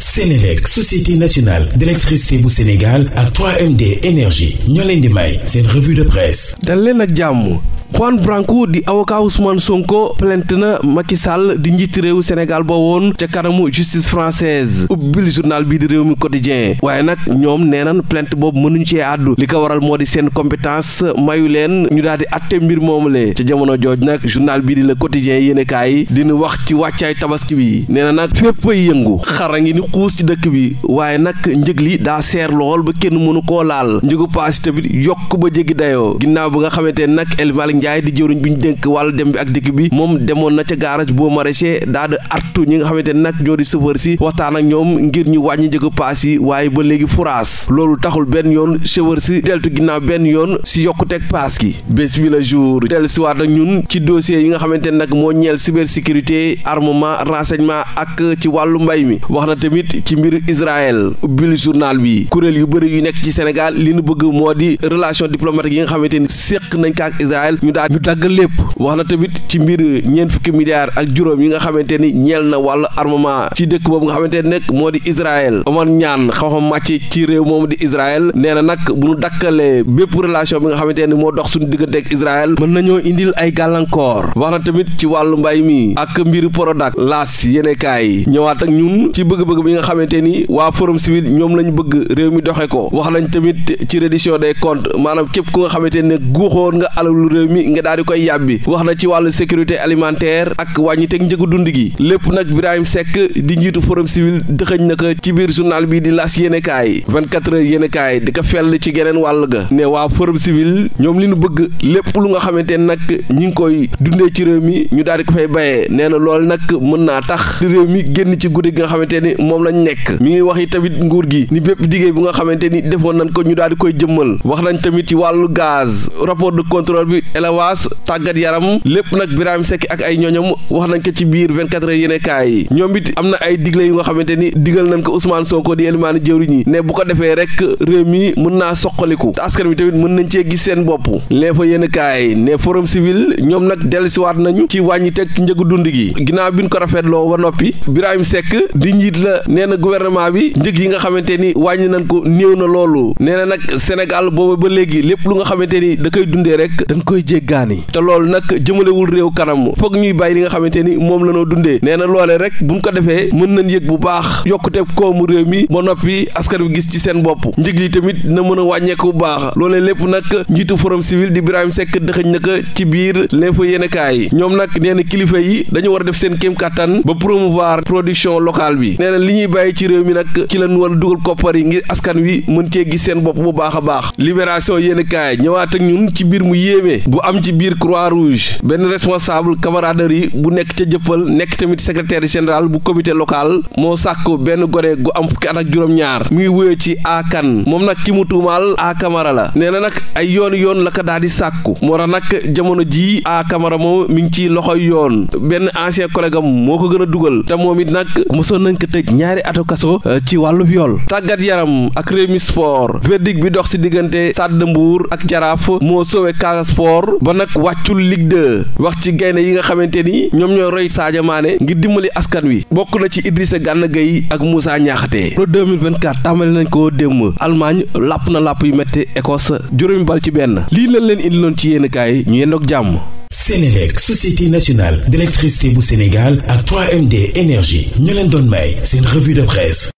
Sénélec société nationale d'électricité bu Sénégal ak 3MD énergie ñoo leen di may seen revue de presse. dal leen ak jàmm. Juan Branco di avocat Ousmane Sonko plainte na Macky Sall di njiiti réewu Sénégal ba woon ca kanamu justice française ubbil journal bii di réew mi quotidien waaye nag ñoom nee nañ plainte boobu mënuñ cee àddu li ko waral moo di seen compétence mayu leen ñu daal di atte mbir moomu le ca jamono jooj nag journal bii di la le quotidien yéenekaay dina wax ci wàccaay tabaski bi nee na nag fépp ay yëngu xara ngi ni xuus ci dëkk bi waaye nag njëg li daa seer lool ba kenn mënu koo laal njëgu paas tamit ba jéggi dayoo ginnaaw ba nga xamante nag El Ndiaye di jëwriñ bi ñu dénk wàllu dem bi ak dikk bi moom demoon na ca garage boo maraîcher daal di artu ñi nga xamante ne nag ñoo di chauffeur si waxtaan ak ñoom ngir ñu wàññi njëgu paas yi waaye ba léegi furaas loolu taxul benn yoon chauffeur si deltu ginnaaw benn yoon si yokkuteeg paas gi bés bi la jour dell si waat ak ñun ci dossier yi nga xamante ne nag moo ñeel sécurité armement renseignement ak ci wàllu mbay mi wax na tamit ci mbir Israël ubbil journal bi kuréel yu bëri yu nekk ci Sénégal li ñu bëgg moo di relation diplomatique yi nga xamante ni séq nañ ko ak Israël ñu daal ñu dagg lépp wax na tamit ci mbir ñeent fukki milliards ak juróom yi nga xamante ni ñeel na wàllu armement ci dëkk boobu nga xamante ne nag moo di Israël Omar ñaan xam-xam màcc ci réew moomu di Israël nee na nag bu ñu dakkalee bépp relation bi nga xamante ni moo dox suñu diggante ak Israël mën nañoo indil ay gàllankoor wax na tamit ci wàllu mbay mi ak mbiru Prodac laas yenekaay ñëwaat ak ñun ci bëgg-bëgg bi nga xamante ni waa forum civil ñoom lañ bëgg mi doxe ko wax nañ tamit ci reddition mi nga daal di koy yàbbi wax na ci wàllu sécurité alimentaire ak wàññi teg njëgu dund gi lépp nag Birahim Seck di njiitu forum civil dëxëñ na ci biir journal bi di las yéene kaay 24 heures yéene kaay di ko fell ci geneen wàll ga ne waa forum civil ñoom li nu bëgg lépp lu nga xamante nag ñi ngi koy dundee ci réew mi ñu daal di ko fay bayee nee na loolu nag mën naa tax réew mi génn ci guddi gi nga xamante ni moom lañ nekk mi ngi wax yi tamit nguur gi ni bépp liggéey bu nga xamante ni defoon nañ ko ñu daal di koy jëmmal wax nañ tamit ci wàllu gaz rapport bi kalawaas tàggat yaram lépp nag Birahim Seck ak ay ñoñom wax nañ ko ci biir 24 heures yéene kaay yi ñoom it am na ay digle yu nga xamante ni digal nañ ko Ousmane Sonko di elimaani jëwriñ yi ne bu ko defee rek réew mi mën naa soqaliku te askan wi tamit mën nañ cee gis seen bopp lee fa yéene kaay ne forum civil ñoom nag dellusiwaat nañu ci wàññi teg njëgu dund gi ginnaaw bi ñu ko rafetloo ba noppi Birahim sekk di njiit la nee na gouvernement bi njëg yi nga xamante ni wàññi nañ ko néew na loolu nee na nag Sénégal boobu ba léegi lépp lu nga xamante ni da koy dundee rek dañ jéggaani te loolu nag jëmalewul réew kanam foog ñuy bàyyi li nga xamante ni moom la noo dundee nee na loolee rek buñ ko defee mën nañ yëg bu baax yokkute koomu réew mi ba noppi askan wi gis ci seen bopp njëg li tamit na mën a wàññeeku bu baax loolee lépp nag njiitu forum civil di Birahim sekk dëxëñ na ko ci biir l'info yéenekaay ñoom nag nee kilifa yi dañu war a def seen kéem kàttan ba promouvoir production locale bi nee li ñuy bàyyi ci réew mi nag ci lañ war a dugal koppar yi ngir askan wi mën cee gis seen bopp bu baax a am ci biir croix rouge benn responsable camaraderie bu nekk ca jëppal nekk tamit secrétaire général bu comité local moo sàkk benn gone gu am fukki at ak juróom-ñaar muy wuyoo ci akan moom nag ki mu tuumaal a la nee na nag ay yoon yoon la ko daal di sàkku moo tax nag jamono jii a camara moom mi ngi ci loxoy yoon benn ancien collègue moo ko gën a dugal te moom it nag mosoon nañ ko tëj ñaari atu kaso euh, ci wàllu viol tàggat yaram ak Rewmi Sport verdict bi dox si diggante Stade Mbour ak Jaraaf moo sowe Casa ba nag wàccul lig de wax ci gaynde yi nga xamante ni ñoom ñoo roy Sadio Mané ngir dimbali askan wi bokk na ci sa gànn Gueye ak Moussa Niakhaté pro 2024 tàmbali nañ ko démb Allemagne làpp na làpp yu métti Écosse juróomi bal ci benn lii lañ leen indiloon ci yéen kaay ñu yendoog jàmm Sénélec société nationale d'électricité bu Sénégal ak 3MD énergie ñu leen doon may seen revue de presse